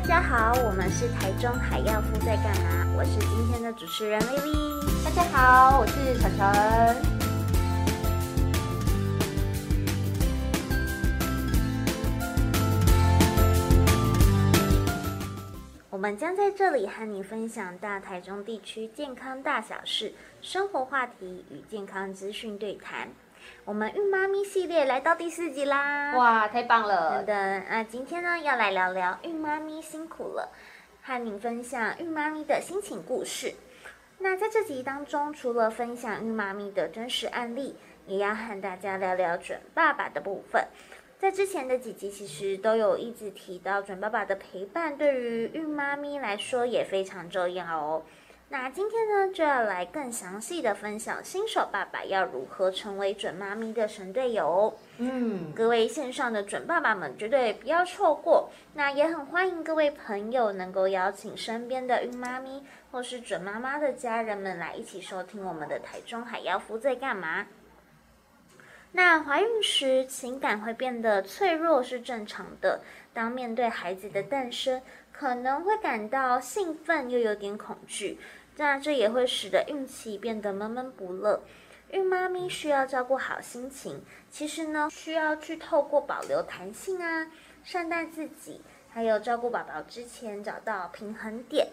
大家好，我們是台中海藥夫在幹嘛？我是今天的主持人 Lily。大家好，我是小陳。我們將在這裡和你分享大台中地區健康大小事、生活話題與健康資訊對談。我們孕媽咪系列來到第四集啦！哇，太棒了！等等，那，啊，今天呢要來聊聊孕媽咪辛苦了，和您分享孕媽咪的心情故事。那在這集當中，除了分享孕媽咪的真實案例，也要和大家聊聊準爸爸的部分。在之前的幾集，其實都有一直提到準爸爸的陪伴，對於孕媽咪來說也非常重要哦。那今天呢，就要來更詳細的分享新手爸爸要如何成為準媽咪的神隊友哦。嗯，各位線上的準爸爸們絕對不要錯過。那也很歡迎各位朋友能夠邀請身邊的孕媽咪或是準媽媽的家人們來一起收聽我們的台中海妖夫在幹嘛。那懷孕時情感會變得脆弱是正常的，當面對孩子的誕生，可能會感到興奮又有點恐懼。那這也會使得孕期變得悶悶不樂，孕媽咪需要照顧好心情。其實呢，需要去透過保留彈性啊，善待自己，還有照顧寶寶之前找到平衡點。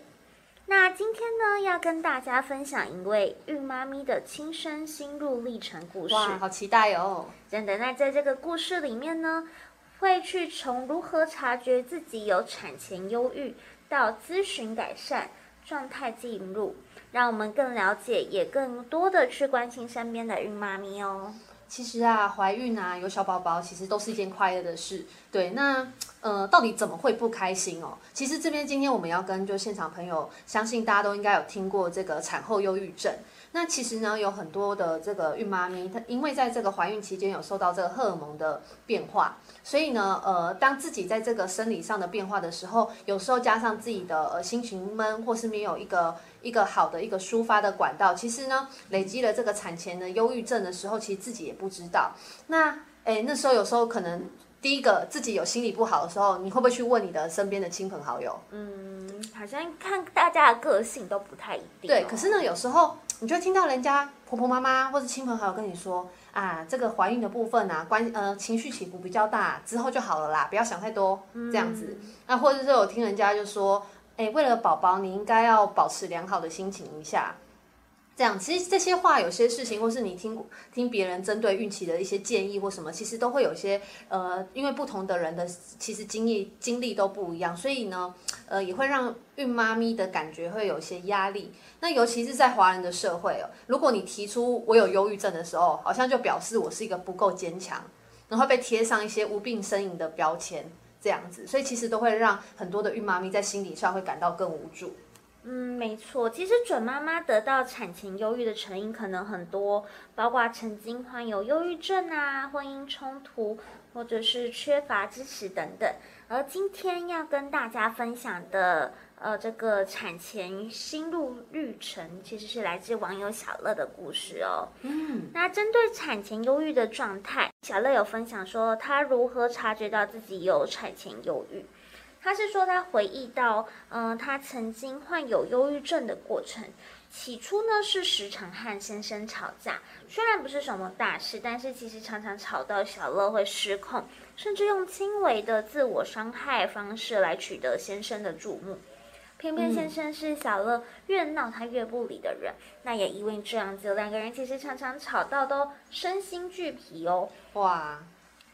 那今天呢，要跟大家分享一位孕媽咪的親身心路歷程故事。哇，好期待哦！真的，那在這個故事裡面呢，會去從如何察覺自己有產前憂鬱到諮詢改善。狀態進入，讓我們更了解，也更多的去關心身邊的孕媽咪哦。其實啊，懷孕啊，有小寶寶，其實都是一件快樂的事。對，那呃，到底怎麼會不開心哦？其實這邊今天我們要跟就現場朋友，相信大家都應該有聽過這個產後憂鬱症。那其實呢，有很多的這個孕媽咪，她因為在這個懷孕期間有受到這個荷爾蒙的變化，所以呢，呃，當自己在這個生理上的變化的時候，有時候加上自己的呃心情悶，或是沒有一個一個好的一個抒發的管道，其實呢，累積了這個產前的憂鬱症的時候，其實自己也不知道。那，誒，欸，那時候有時候可能第一個自己有心理不好的時候，你會不會去問你的身邊的親朋好友？嗯，好像看大家的個性都不太一樣哦。對，可是呢，有時候。你就聽到人家婆婆媽媽或者親朋好友跟你說啊，這個懷孕的部分啊，關呃情緒起伏比較大，之後就好了啦，不要想太多這樣子。那、嗯啊、或者是我聽人家就說，哎，為了寶寶，你應該要保持良好的心情一下。這樣，其實這些話，有些事情，或是你聽聽別人針對孕期的一些建議或什麼，其實都會有些，呃，因為不同的人的其實經歷經歷都不一樣，所以呢，呃，也會讓孕媽咪的感覺會有一些壓力。那尤其是在華人的社會哦，如果你提出我有憂鬱症的時候，好像就表示我是一個不夠堅強，然後被貼上一些無病呻吟的標籤這樣子，所以其實都會讓很多的孕媽咪在心理上會感到更無助。嗯，沒錯。其實準媽媽得到產前憂鬱的成因可能很多，包括曾經患有憂鬱症啊、婚姻衝突，或者是缺乏支持等等。而今天要跟大家分享的，呃，這個產前心路歷程，其實是來自網友小樂的故事哦。嗯，那針對產前憂鬱的狀態，小樂有分享說，她如何察覺到自己有產前憂鬱。他是說，他回憶到，嗯、呃，他曾經患有憂鬱症的過程。起初呢，是時常和先生吵架，雖然不是什麼大事，但是其實常常吵到小樂會失控，甚至用輕微的自我傷害方式來取得先生的注目。偏偏先生是小樂越鬧他越不理的人。嗯、那也因為這樣子，兩個人其實常常吵到都身心俱疲哦。哇。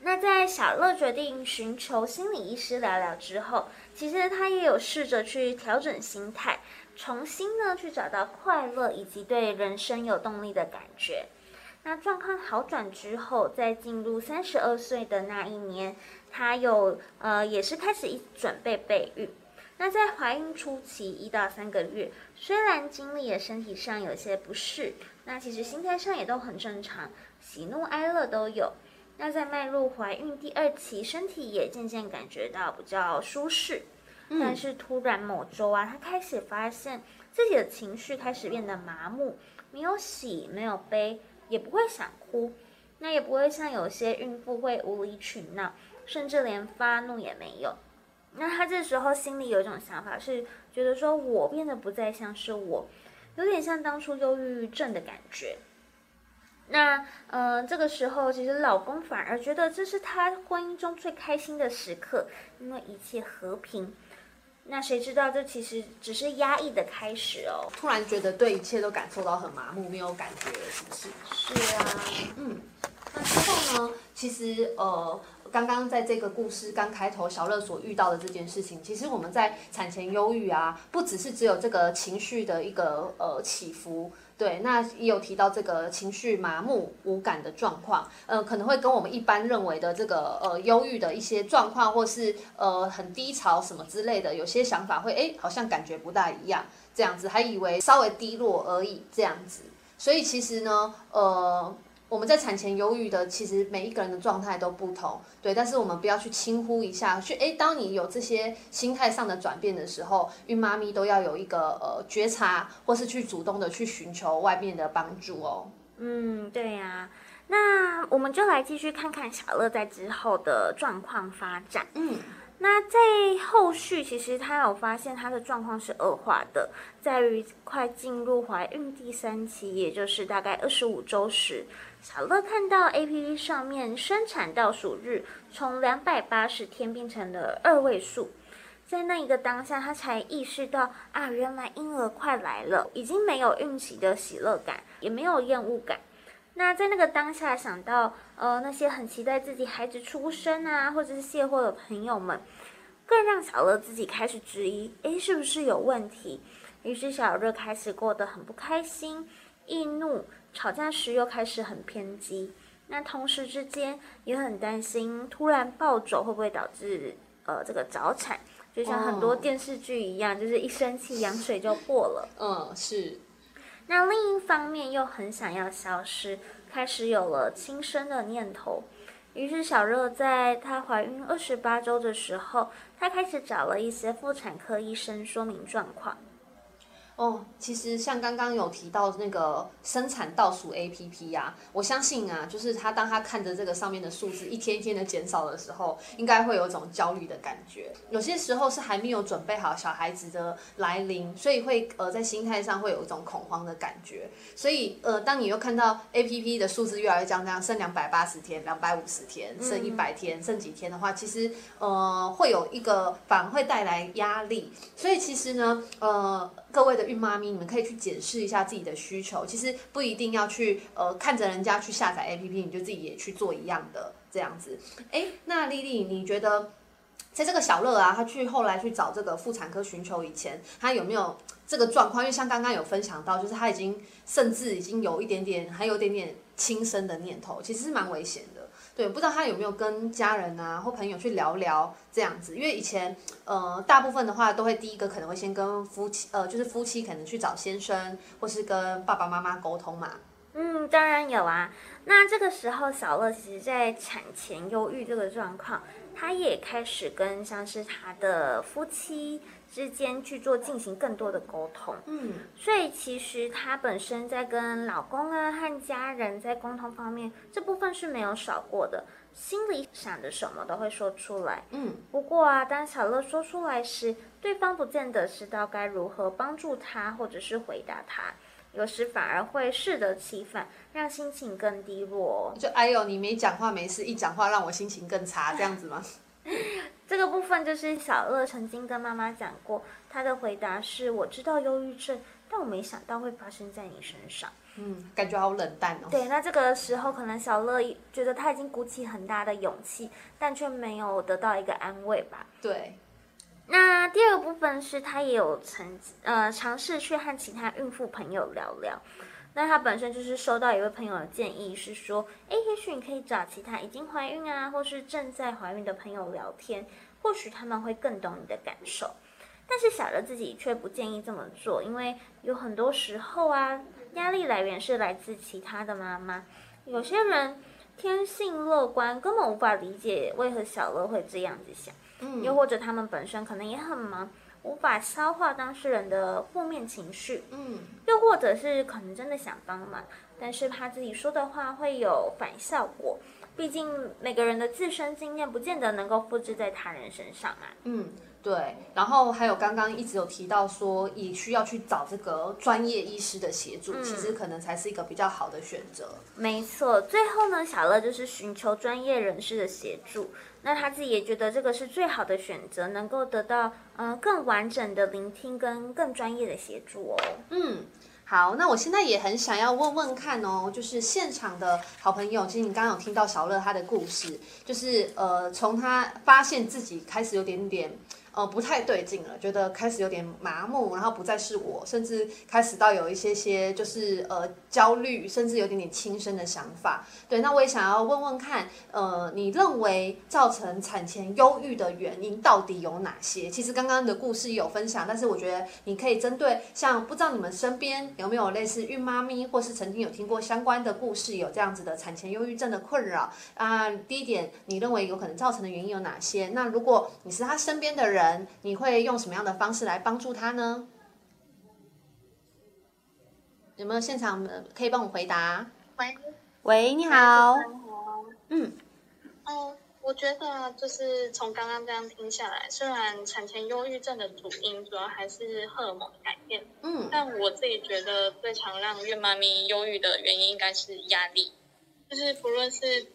那在小樂決定尋求心理醫師聊聊之後，其實他也有試着去調整心態，重新呢去找到快樂以及對人生有動力的感覺。那狀況好轉之後，在進入三十二歲的那一年，他又呃也是開始一準備備孕。那在懷孕初期一到三個月，雖然經歷了身體上有些不適，那其實心態上也都很正常，喜怒哀樂都有。那在邁入懷孕第二期，身體也漸漸感覺到比較舒適，嗯，但是突然某周啊，她開始發現自己的情緒開始變得麻木，沒有喜，沒有悲，也不會想哭，那也不會像有些孕婦會無理取鬧，甚至連發怒也沒有。那她這時候心裡有一種想法，是覺得說我變得不再像是我，有點像當初憂鬱症的感覺。那呃，這個時候其實老公反而覺得這是他婚姻中最開心的時刻，因為一切和平。那誰知道這其實只是壓抑的開始哦。突然覺得對一切都感受到很麻木，沒有感覺了，是不是？是啊，嗯。那之後呢？其實呃，剛剛在這個故事剛開頭，小樂所遇到的這件事情，其實我們在產前憂鬱啊，不只是只有這個情緒的一個呃起伏。對，那也有提到這個情緒麻木無感的狀況，嗯、呃，可能會跟我們一般認為的這個呃憂鬱的一些狀況，或是呃很低潮什麼之類的，有些想法會哎好像感覺不大一樣，這樣子還以為稍微低落而已這樣子，所以其實呢，呃。我們在產前憂鬱的，其實每一個人的狀態都不同，對，但是我們不要去輕忽一下，去誒。當你有這些心態上的轉變的時候，孕媽咪都要有一個呃覺察，或是去主動的去尋求外面的幫助哦。嗯，對呀，啊，那我們就來繼續看看小樂在之後的狀況發展。嗯，那在後續，其實他有發現他的狀況是惡化的，在於快進入懷孕第三期，也就是大概二十五周時。小樂看到 APP 上面，生產倒數日從兩百八十天變成了二位數，在那一個當下，他才意識到啊，原來嬰兒快來了，已經沒有孕期的喜樂感，也沒有厭惡感。那在那個當下想到，呃，那些很期待自己孩子出生啊，或者是卸貨的朋友們，更讓小樂自己開始質疑，誒，是不是有問題？於是小樂開始過得很不開心，易怒。吵架時又開始很偏激，那同時之間也很擔心突然暴走會不會導致呃這個早產，就像很多電視劇一樣，哦、就是一生氣羊水就破了。嗯、哦，是。那另一方面又很想要消失，開始有了輕生的念頭。於是小樂在她懷孕二十八周的時候，她開始找了一些婦產科醫生說明狀況。哦，其實像剛剛有提到那個生產倒數 APP 呀、啊，我相信啊，就是他當他看着這個上面的數字一天一天的減少的時候，應該會有一種焦慮的感覺。有些時候是還沒有準備好小孩子的來臨，所以會呃在心態上會有一種恐慌的感覺。所以呃，當你又看到 APP 的數字越來越降，這樣剩兩百八十天、兩百五十天、剩一百天、剩幾天的話，其實呃會有一個反而會帶來壓力。所以其實呢，呃。各位的孕媽咪，你們可以去檢視一下自己的需求，其實不一定要去呃看着人家去下載 APP，你就自己也去做一樣的這樣子。哎、欸，那麗麗，你覺得在這個小樂啊，他去後來去找這個婦產科尋求以前，他有沒有這個狀況？因為像剛剛有分享到，就是他已經甚至已經有一點點，還有一點點輕生的念頭，其實是蠻危險的。對，不知道他有沒有跟家人啊或朋友去聊聊這樣子，因為以前，呃，大部分的話都會第一個可能會先跟夫妻，呃，就是夫妻可能去找先生，或是跟爸爸媽媽溝通嘛。嗯，當然有啊。那這個時候，小樂其實在產前憂鬱這個狀況，他也開始跟像是他的夫妻之間去做進行更多的溝通，嗯，所以其實她本身在跟老公啊和家人在溝通方面這部分是沒有少過的，心裡想的什麼都會說出來，嗯。不過啊，當小樂說出來時，對方不見得知道該如何幫助他或者是回答他，有時反而會適得其反，讓心情更低落哦。就哎呦，你沒講話沒事，一講話讓我心情更差，這樣子嗎？哎 這個部分就是小樂曾經跟媽媽講過，他的回答是：“我知道憂鬱症，但我沒想到會發生在你身上。”嗯，感覺好冷淡哦。對，那這個時候可能小樂覺得他已經鼓起很大的勇氣，但卻沒有得到一個安慰吧。對。那第二個部分是他也有曾呃嘗試去和其他孕婦朋友聊聊。那他本身就是收到一位朋友的建議，是說，誒，也許你可以找其他已經懷孕啊，或是正在懷孕的朋友聊天，或許他們會更懂你的感受。但是小樂自己卻不建議這麼做，因為有很多時候啊，壓力來源是來自其他的媽媽。有些人天性樂觀，根本無法理解為何小樂會這樣子想。嗯，又或者他們本身可能也很忙。無法消化當事人的負面情緒，嗯，又或者是可能真的想幫忙，但是怕自己說的話會有反效果，畢竟每個人的自身經驗不見得能夠複製在他人身上啊。嗯，對。然後還有剛剛一直有提到說，也需要去找這個專業醫師的協助，嗯，其實可能才是一個比較好的選擇。沒錯。最後呢，小樂就是尋求專業人士的協助。那他自己也覺得這個是最好的選擇，能夠得到嗯、呃、更完整的聆聽跟更專業的協助哦。嗯，好，那我現在也很想要問問看哦，就是現場的好朋友，其實你剛剛有聽到小樂他的故事，就是呃從他發現自己開始有點點。呃，不太對勁了，覺得開始有點麻木，然後不再是我，甚至開始到有一些些就是呃焦慮，甚至有點點輕生的想法。對，那我也想要問問看，呃，你認為造成產前憂鬱的原因到底有哪些？其實剛剛的故事有分享，但是我覺得你可以針對像不知道你們身邊有沒有類似孕媽咪，或是曾經有聽過相關的故事，有這樣子的產前憂鬱症的困擾啊，呃。第一點，你認為有可能造成的原因有哪些？那如果你是他身邊的人，人，你會用什麼樣的方式來幫助他呢？有沒有現場可以幫我回答？喂，喂，你好。嗯嗯、啊，我覺得就是從剛剛這樣聽下來，雖然產前憂鬱症的主因主要還是荷爾蒙改變，嗯，但我自己覺得最常讓孕媽咪憂鬱的原因應該是壓力，就是不論是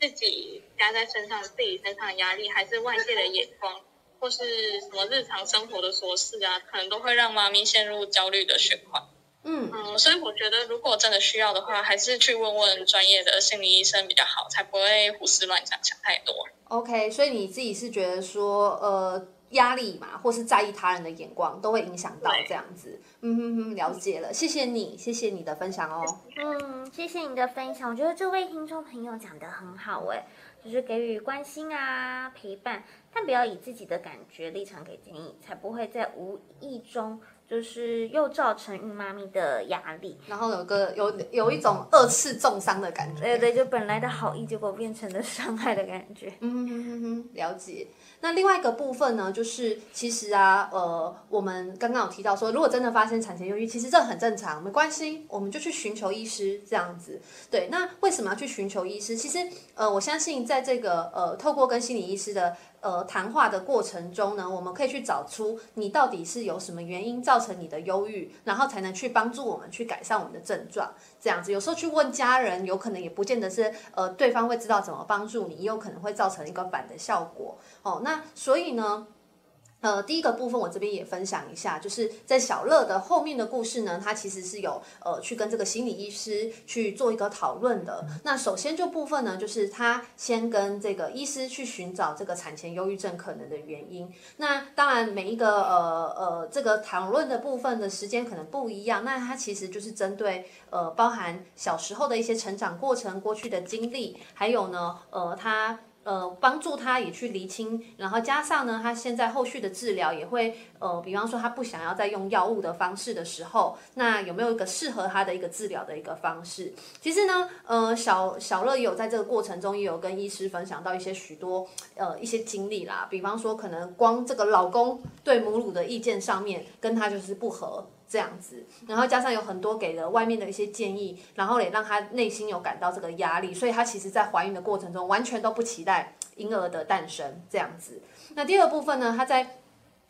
自己壓在身上、自己身上的壓力，還是外界的眼光。 或是什麼日常生活的瑣事啊，可能都會讓媽咪陷入焦慮的循環。嗯嗯，所以我覺得如果真的需要的話，還是去問問專業的心理醫生比較好，才不會胡思亂想，想太多。OK，所以你自己是覺得說，呃，壓力嘛，或是在意他人的眼光，都會影響到對這樣子。嗯哼哼，了解了，謝謝你，謝謝你的分享哦。嗯，謝謝你的分享，我覺得這位聽眾朋友講得很好哎、欸。就是給予關心啊，陪伴，但不要以自己的感覺立場給建議，才不會在無意中。就是又造成孕媽咪的壓力，然後有個有有一種二次重傷的感覺。對、嗯、對，就本來的好意，結果變成了傷害的感覺。嗯哼哼哼哼，了解。那另外一個部分呢，就是其實啊，呃，我們剛剛有提到說，如果真的發生產前憂鬱，其實這很正常，沒關係，我們就去尋求醫師這樣子。對，那為什麼要去尋求醫師？其實，呃，我相信在這個呃，透過跟心理醫師的。呃，談話的過程中呢，我們可以去找出你到底是有什麼原因造成你的憂鬱，然後才能去幫助我們去改善我們的症狀。這樣子，有時候去問家人，有可能也不見得是，呃，對方會知道怎麼幫助你，也有可能會造成一個反的效果。哦，那所以呢？呃，第一個部分我這邊也分享一下，就是在小樂的後面的故事呢，他其實是有呃去跟這個心理醫師去做一個討論的。那首先這部分呢，就是他先跟這個醫師去尋找這個產前憂鬱症可能的原因。那當然每一個呃呃這個討論的部分的時間可能不一樣。那他其實就是針對呃包含小時候的一些成長過程、過去的經歷，還有呢呃他。呃，幫助他也去釐清，然後加上呢，他現在後續的治療也會，呃，比方說他不想要再用藥物的方式的時候，那有沒有一個適合他的一個治療的一個方式？其實呢，呃，小小樂也有在這個過程中也有跟醫師分享到一些許多，呃，一些經歷啦，比方說可能光這個老公對母乳的意見上面跟他就是不合。這樣子，然後加上有很多給了外面的一些建議，然後也讓他內心有感到這個壓力，所以他其實在懷孕的過程中完全都不期待嬰兒的誕生這樣子。那第二部分呢，他在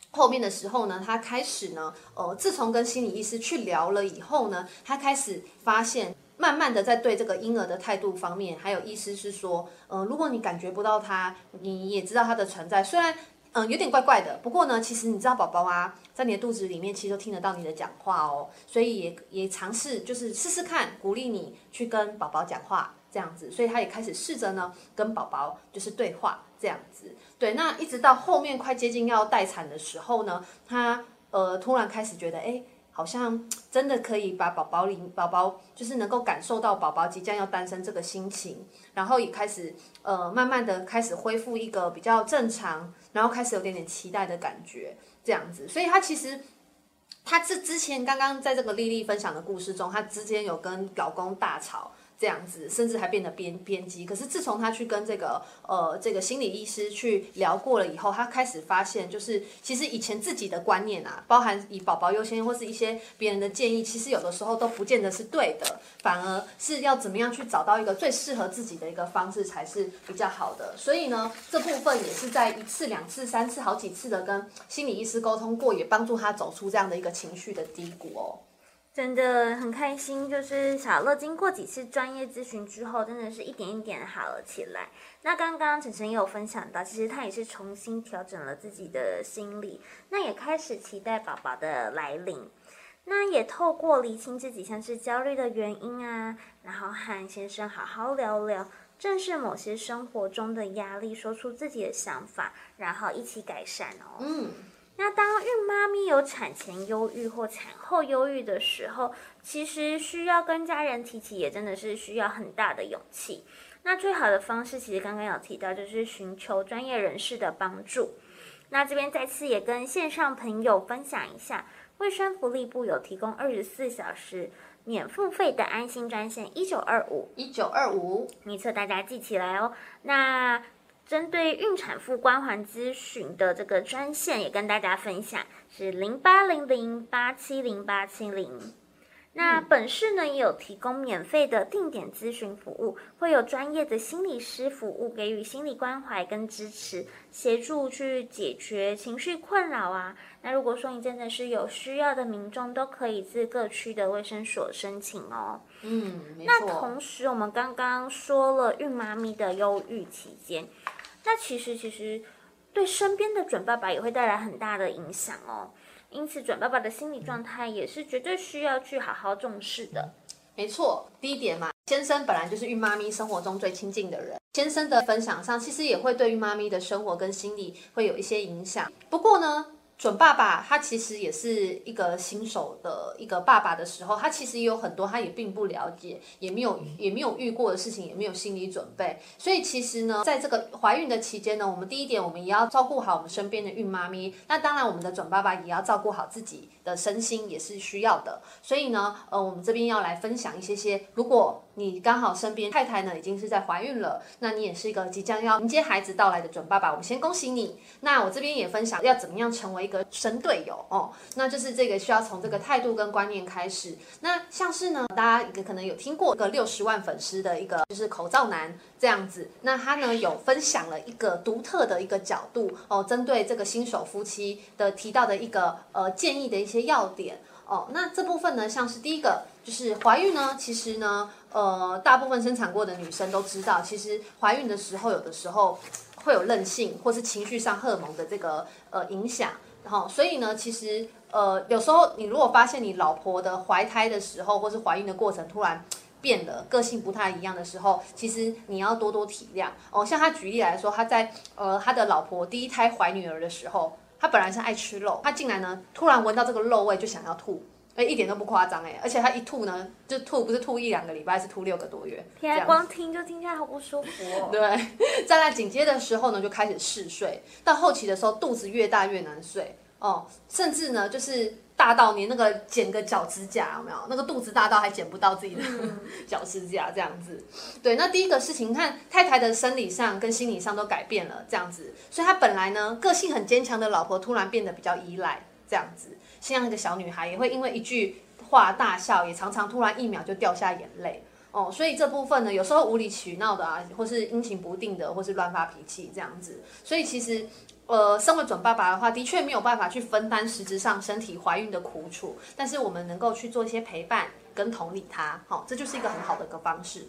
後面的時候呢，他開始呢，呃，自從跟心理醫師去聊了以後呢，他開始發現慢慢的在對這個嬰兒的態度方面，還有醫師是說，嗯、呃，如果你感覺不到他，你也知道他的存在，雖然。嗯，有點怪怪的。不過呢，其實你知道，寶寶啊，在你的肚子裡面，其實都聽得到你的講話哦。所以也也嘗試，就是試試看，鼓勵你去跟寶寶講話這樣子。所以他也開始試着呢，跟寶寶就是對話這樣子。對，那一直到後面快接近要待產的時候呢，他呃突然開始覺得，哎，好像真的可以把寶寶領，寶寶就是能夠感受到寶寶即將要誕生這個心情，然後也開始呃慢慢的開始恢復一個比較正常。然後開始有點點期待的感覺，這樣子，所以他其實，他這之前剛剛在這個莉莉分享的故事中，他之間有跟老公大吵，這樣子，甚至還變得編編輯。可是自從他去跟這個呃這個心理醫師去聊過了以後，他開始發現，就是其實以前自己的觀念啊，包含以寶寶優先或是一些別人的建議，其實有的時候都不見得是對的，反而是要怎麼樣去找到一個最適合自己的一個方式才是比較好的。所以呢，這部分也是在一次、兩次、三次、好幾次的跟心理醫師溝通過，也幫助他走出這樣的一個情緒的低谷哦。真的很開心，就是小樂經過幾次專業諮詢之後，真的是一點一點好了起來。那剛剛晨晨也有分享到，其實他也是重新調整了自己的心理，那也開始期待寶寶的來臨，那也透過釐清自己像是焦慮的原因啊，然後和先生好好聊聊，正視某些生活中的壓力，說出自己的想法，然後一起改善哦。嗯。那當孕媽咪有產前憂鬱或產後憂鬱的時候，其實需要跟家人提起，也真的是需要很大的勇氣。那最好的方式，其實剛剛有提到，就是尋求專業人士的幫助。那這邊再次也跟線上朋友分享一下，衛生福利部有提供二十四小時免付費的安心專線一九二五一九二五，沒錯，大家記起來哦。那針對孕產婦關懷諮詢的這個專線，也跟大家分享，是零八零零八七零八七零。那本市呢，也有提供免費的定點諮詢服務，會有專業的心理師服務，給予心理關懷跟支持，協助去解決情緒困擾啊。那如果說你真的是有需要的民眾，都可以自各區的衛生所申請哦。嗯，沒錯。那同時我們剛剛說了孕媽咪的憂鬱期間。那其實其實，對身邊的準爸爸也會帶來很大的影響哦。因此，準爸爸的心理狀態也是絕對需要去好好重視的。沒錯，第一點嘛，先生本來就是孕媽咪生活中最親近的人，先生的分享上其實也會對孕媽咪的生活跟心理會有一些影響。不過呢。準爸爸他其實也是一個新手的一個爸爸的時候，他其實也有很多他也並不了解，也沒有也沒有遇過的事情，也沒有心理準備。所以其實呢，在這個懷孕的期間呢，我們第一點，我們也要照顧好我們身邊的孕媽咪。那當然，我們的準爸爸也要照顧好自己的身心，也是需要的。所以呢，呃，我們這邊要來分享一些些，如果。你剛好身邊太太呢，已經是在懷孕了，那你也是一個即將要迎接孩子到來的準爸爸，我們先恭喜你。那我這邊也分享要怎麼樣成為一個神隊友哦，那就是這個需要從這個態度跟觀念開始。那像是呢，大家也可能有聽過一個六十萬粉絲的一個就是口罩男這樣子，那他呢有分享了一個獨特的一個角度哦，針對這個新手夫妻的提到的一個呃建議的一些要點哦，那這部分呢像是第一個就是懷孕呢，其實呢。呃，大部分生產過的女生都知道，其實懷孕的時候有的時候會有任性，或是情緒上荷爾蒙的這個呃影響，然後所以呢，其實呃有時候你如果發現你老婆的懷胎的時候，或是懷孕的過程突然變得個性不太一樣的時候，其實你要多多體諒哦。像他舉例來說，他在呃他的老婆第一胎懷女兒的時候，他本來是愛吃肉，他進來呢突然聞到這個肉味就想要吐。哎，一點都不誇張哎，而且他一吐呢，就吐，不是吐一兩個禮拜，是吐六個多月，天光聽就聽起來好不舒服哦。對，再來緊接的時候呢，就開始嗜睡，到後期的時候肚子越大越難睡哦，甚至呢就是大到你那個剪個腳指甲，有沒有？那個肚子大到還剪不到自己的腳指甲，嗯、這樣子。對，那第一個事情，你看太太的生理上跟心理上都改變了這樣子，所以她本來呢個性很堅強的老婆，突然變得比較依賴。這樣子，像一個小女孩，也會因為一句話大笑，也常常突然一秒就掉下眼淚哦。所以這部分呢，有時候無理取鬧的啊，或是陰晴不定的，或是亂發脾氣這樣子。所以其實，呃，身為準爸爸的話，的確沒有辦法去分擔實質上身體懷孕的苦楚，但是我們能夠去做一些陪伴跟同理他。好，哦，這就是一個很好的一個方式。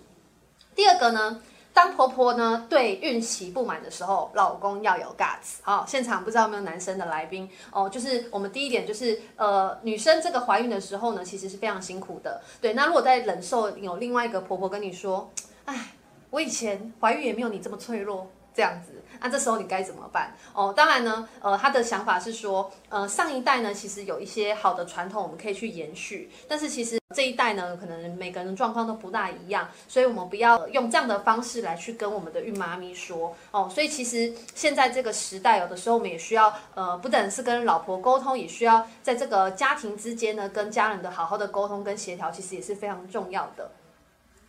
第二個呢？當婆婆呢對孕期不滿的時候，老公要有 guts 好，哦，現場不知道有沒有男生的來賓哦，就是我們第一點就是，呃，女生這個懷孕的時候呢，其實是非常辛苦的，對，那如果在忍受有另外一個婆婆跟你說，哎，我以前懷孕也沒有你這麼脆弱，這樣子。那、啊、這時候你該怎麼辦？哦，當然呢，呃，他的想法是說，呃，上一代呢其實有一些好的傳統我們可以去延續，但是其實這一代呢，可能每個人狀況都不大一樣，所以我們不要、呃、用這樣的方式來去跟我們的孕媽咪說哦。所以其實現在這個時代，有的時候我們也需要，呃，不但是跟老婆溝通，也需要在這個家庭之間呢，跟家人的好好的溝通跟協調，其實也是非常重要的。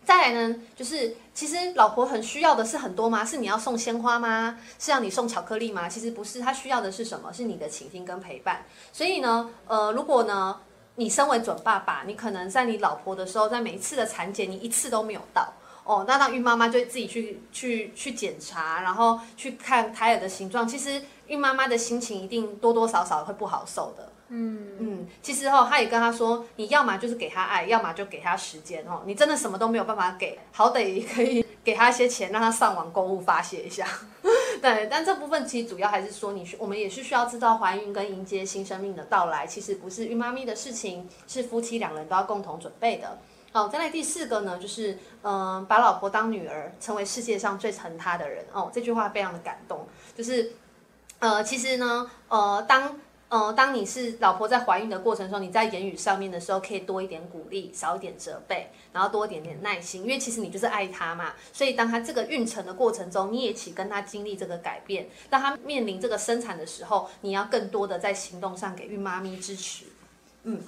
再來呢，就是其實老婆很需要的是很多嗎？是你要送鮮花嗎？是讓你送巧克力嗎？其實不是，她需要的是什麼？是你的傾聽跟陪伴。所以呢，呃，如果呢，你身為準爸爸，你可能在你老婆的時候，在每一次的產檢，你一次都沒有到哦，那當孕媽媽就自己去去去檢查，然後去看胎兒的形狀，其實孕媽媽的心情一定多多少少會不好受的。嗯嗯，其實哦，他也跟他說，你要麼就是給他愛，要麼就給他時間哦。你真的什麼都沒有辦法給，好歹可以給他一些錢，讓他上網購物發洩一下。 對，但這部分其實主要還是說你，你我們也是需要知道懷孕跟迎接新生命的到來，其實不是孕媽咪的事情，是夫妻兩人都要共同準備的。哦，再來第四個呢，就是嗯、呃，把老婆當女兒，成為世界上最疼她的人。哦，這句話非常的感動，就是呃，其實呢，呃，當。嗯，當你是老婆在懷孕的過程中，你在言語上面的時候，可以多一點鼓勵，少一點責備，然後多一點點耐心，因為其實你就是愛她嘛。所以，當她這個孕程的過程中，你也一起跟她經歷這個改變，當她面臨這個生產的時候，你要更多的在行動上給孕媽咪支持。嗯，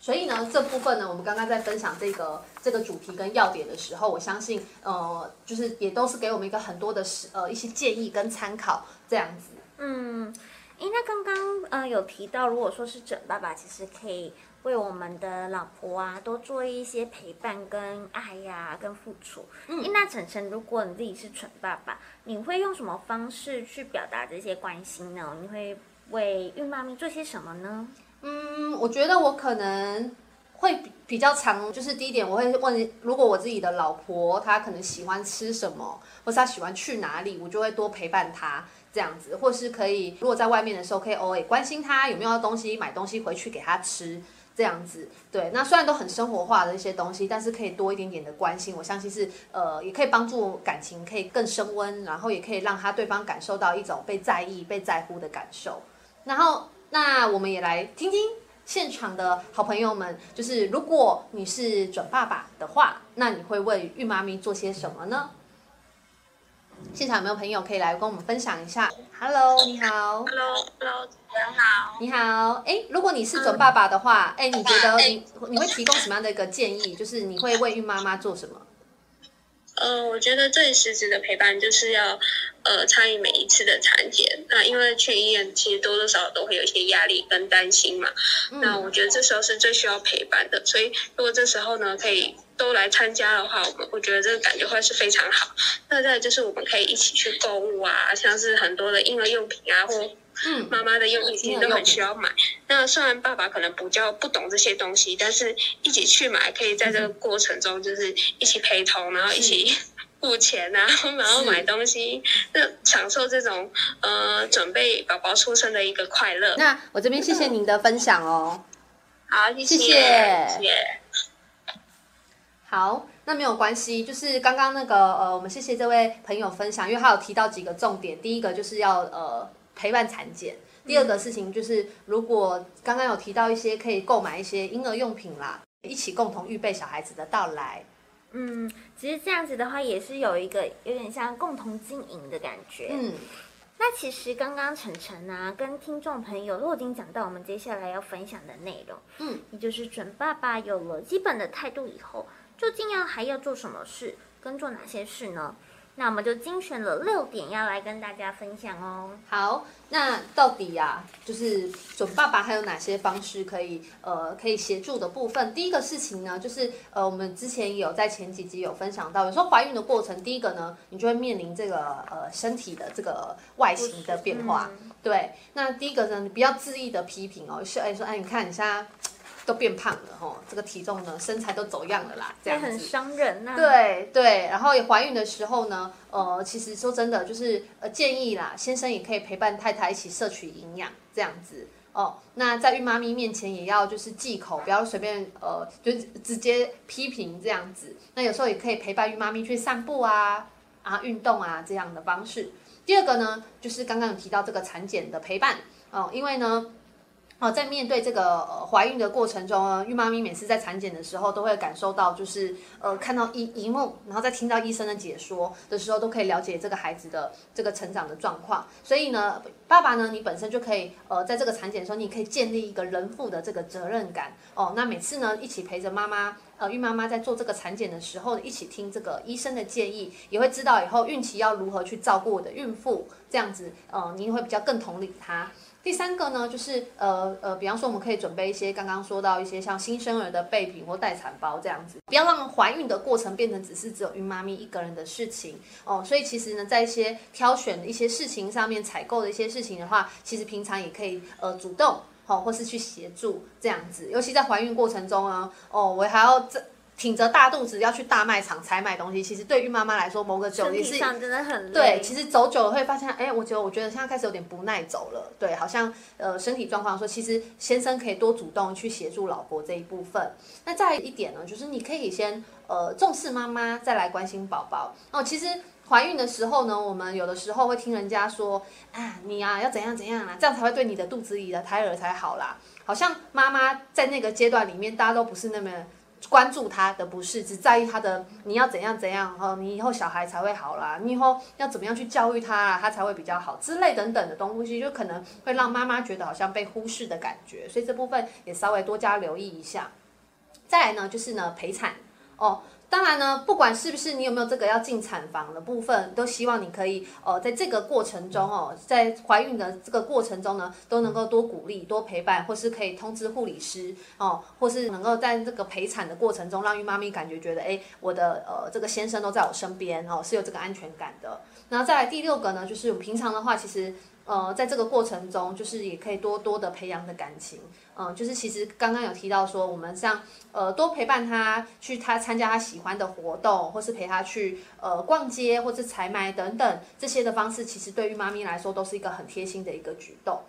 所以呢，這部分呢，我們剛剛在分享這個這個主題跟要點的時候，我相信，呃，就是也都是給我們一個很多的，呃，一些建議跟參考這樣子。嗯。誒那剛剛呃有提到，如果說是準爸爸，其實可以為我們的老婆啊多做一些陪伴跟愛呀、啊，跟付出。嗯，那晨晨，如果你自己是準爸爸，你會用什麼方式去表達這些關心呢？你會為孕媽咪做些什麼呢？嗯，我覺得我可能會比較長就是第一點，我會問，如果我自己的老婆她可能喜歡吃什麼，或是她喜歡去哪裡，我就會多陪伴她。這樣子，或是可以，如果在外面的時候，可以偶爾關心他有沒有東西，買東西回去給他吃，這樣子。對，那雖然都很生活化的一些東西，但是可以多一點點的關心，我相信是，呃，也可以幫助感情可以更升溫，然後也可以讓他對方感受到一種被在意、被在乎的感受。然後，那我們也來聽聽現場的好朋友們，就是如果你是準爸爸的話，那你會為孕媽咪做些什麼呢？現場有沒有朋友可以來跟我們分享一下？Hello，你好。Hello，Hello，主持人好。你好。你、欸、好，如果你是準爸爸的話，嗯、欸、你覺得你、欸、你會提供什麼樣的一個建議？就是你會為孕媽媽做什麼？呃，我覺得最實質的陪伴就是要呃參與每一次的產檢。那因為去醫院其實多多少少都會有一些壓力跟擔心嘛。嗯、那我覺得這時候是最需要陪伴的。所以如果這時候呢，可以。都來參加的話，我們我覺得這個感覺會是非常好。那再來就是我們可以一起去購物啊，像是很多的嬰兒用品啊，或媽媽的用品，其實都很需要買。嗯、那雖然爸爸可能比較不懂這些東西，但是一起去買，可以在這個過程中就是一起陪同，嗯、然後一起付錢啊，嗯、然後買東西，那是享受這種呃準備寶寶出生的一個快樂。那我這邊謝謝您的分享哦。嗯、好，謝謝。謝謝謝謝好，那沒有關係，就是剛剛那個呃，我們謝謝這位朋友分享，因為他有提到幾個重點。第一個就是要呃陪伴產檢，第二個事情就是如果剛剛有提到一些可以購買一些嬰兒用品啦，一起共同預備小孩子的到來。嗯，其實這樣子的話也是有一個有點像共同經營的感覺。嗯，那其實剛剛晨晨呢、啊、跟聽眾朋友都已經講到我們接下來要分享的內容，嗯，也就是準爸爸有了基本的態度以後。究竟要還要做什麼事，跟做哪些事呢？那我們就精選了六點要來跟大家分享哦。好，那到底呀、啊，就是準爸爸還有哪些方式可以呃可以協助的部分？第一個事情呢，就是呃我們之前有在前幾集有分享到，有時候懷孕的過程，第一個呢，你就會面臨這個呃身體的這個外形的變化。嗯、對，那第一個呢，你比較恣意的批評哦，是哎說哎你看你現在。都變胖了哦，這個體重呢，身材都走樣了啦，這樣很傷人吶、啊。對對，然後也懷孕的時候呢，呃，其實說真的，就是呃建議啦，先生也可以陪伴太太一起攝取營養這樣子哦。那在孕媽咪面前也要就是忌口，不要隨便呃就直接批評這樣子。那有時候也可以陪伴孕媽咪去散步啊啊運動啊這樣的方式。第二個呢，就是剛剛有提到這個產檢的陪伴，哦，因為呢。好、呃，在面對這個懷、呃、孕的過程中呢，孕媽咪每次在產檢的時候，都會感受到，就是呃，看到一螢幕，然後再聽到醫生的解說的時候，都可以了解這個孩子的這個成長的狀況。所以呢，爸爸呢，你本身就可以呃，在這個產檢的時候，你可以建立一個人父的這個責任感。哦、呃，那每次呢，一起陪着媽媽，呃，孕媽媽在做這個產檢的時候，一起聽這個醫生的建議，也會知道以後孕期要如何去照顧我的孕婦。這樣子，呃，你也會比較更同理她。第三個呢，就是呃呃，比方說我們可以準備一些剛剛說到一些像新生兒的備品或待產包這樣子，不要讓懷孕的過程變成只是只有孕媽咪一個人的事情哦。所以其實呢，在一些挑選的一些事情上面、採購的一些事情的話，其實平常也可以呃主動好、哦，或是去協助這樣子，尤其在懷孕過程中啊，哦，我還要這。挺着大肚子要去大賣場採買東西，其實對孕媽媽來說，某個酒也是真的很累。對，其實走久了會發現哎，我覺得我覺得現在開始有點不耐走了。對，好像呃身體狀況說，其實先生可以多主動去協助老婆這一部分。那再一點呢，就是你可以先呃重視媽媽，再來關心寶寶哦。其實懷孕的時候呢，我們有的時候會聽人家說啊，你呀，啊，要怎樣怎樣啊，這樣才會對你的肚子裡的胎兒才好啦。好像媽媽在那個階段裡面，大家都不是那麼。關注他的不是，只在意他的，你要怎樣怎樣哦，你以後小孩才會好啦，你以後要怎麼樣去教育他啊，他才會比較好之類等等的東西，就可能會讓媽媽覺得好像被忽視的感覺，所以這部分也稍微多加留意一下。再來呢，就是呢陪產哦。當然呢，不管是不是你有沒有這個要進產房的部分，都希望你可以哦、呃，在這個過程中哦，在懷孕的這個過程中呢，都能夠多鼓勵、多陪伴，或是可以通知護理師哦，或是能夠在這個陪產的過程中，讓孕媽咪感覺覺得，哎，我的呃這個先生都在我身邊哦，是有這個安全感的。然後再來第六個呢，就是我們平常的話，其實。呃，在這個過程中，就是也可以多多的培養的感情，嗯、呃，就是其實剛剛有提到說，我們像呃多陪伴他去他參加他喜歡的活動，或是陪他去呃逛街，或是採買等等這些的方式，其實對於媽咪來說都是一個很貼心的一個舉動。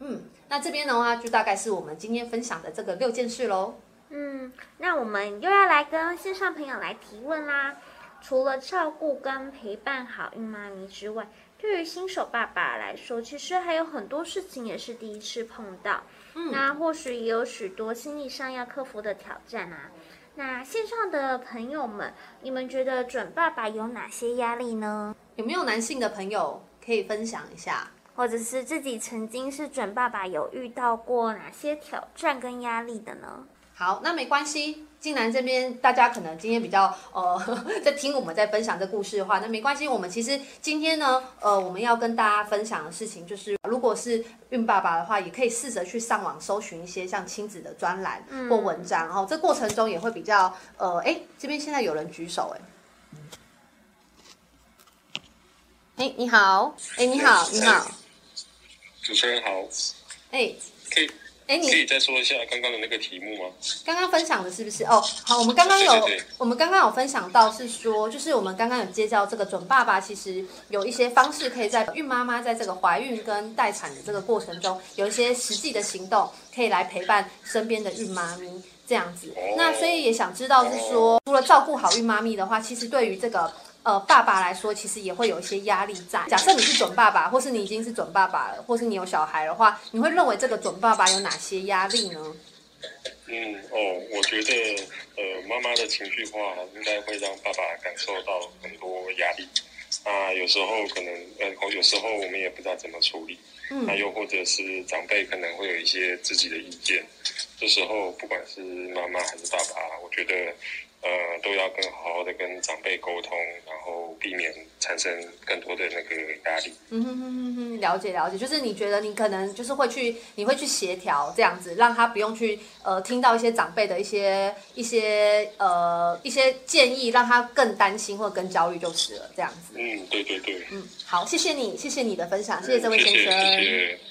嗯，那這邊的話就大概是我們今天分享的這個六件事嘍。嗯，那我們又要來跟線上朋友來提問啦，除了照顧跟陪伴好孕媽咪之外，對於新手爸爸來說，其實還有很多事情也是第一次碰到。嗯。那或許也有許多心理上要克服的挑戰啊。那線上的朋友們，你們覺得準爸爸有哪些壓力呢？有沒有男性的朋友可以分享一下？或者是自己曾經是準爸爸，有遇到過哪些挑戰跟壓力的呢？好，那沒關係。既然這邊大家可能今天比較呃呵呵在聽我們在分享這故事的話，那沒關係。我們其實今天呢，呃，我們要跟大家分享的事情就是，如果是孕爸爸的話，也可以試着去上網搜尋一些像親子的專欄或文章，然後、嗯喔、這過程中也會比較呃，哎、欸，這邊現在有人舉手、欸，哎，哎，你好，哎、欸，你好，你好，主持人好，哎、欸，可以。哎，你可以再說一下剛剛的那個題目嗎？剛剛分享的是不是？哦，oh，好，我們剛剛有，對對對，我們剛剛有分享到是說，就是我們剛剛有介紹這個準爸爸，其實有一些方式可以在孕媽媽在這個懷孕跟待產的這個過程中，有一些實際的行動可以來陪伴身邊的孕媽咪這樣子。Oh. 那所以也想知道是說，除了照顧好孕媽咪的話，其實對於這個。呃，爸爸來說，其實也會有一些壓力在。假設你是準爸爸，或是你已經是準爸爸了，或是你有小孩的話，你會認為這個準爸爸有哪些壓力呢？嗯，哦，我覺得，呃，媽媽的情緒化應該會讓爸爸感受到很多壓力。啊，有時候可能，呃，有時候我們也不知道怎麼處理。嗯。那又或者是長輩可能會有一些自己的意見，這時候不管是媽媽還是爸爸，我覺得。呃，都要跟好好的跟長輩溝通，然後避免產生更多的那個壓力。嗯哼哼哼，了解了解，就是你覺得你可能就是會去，你會去協調這樣子，讓他不用去呃聽到一些長輩的一些一些呃一些建議，讓他更擔心或者更焦慮就是了，這樣子。嗯，對對對。嗯，好，謝謝你，謝謝你的分享，嗯，謝謝這位先生。嗯，謝謝，謝謝。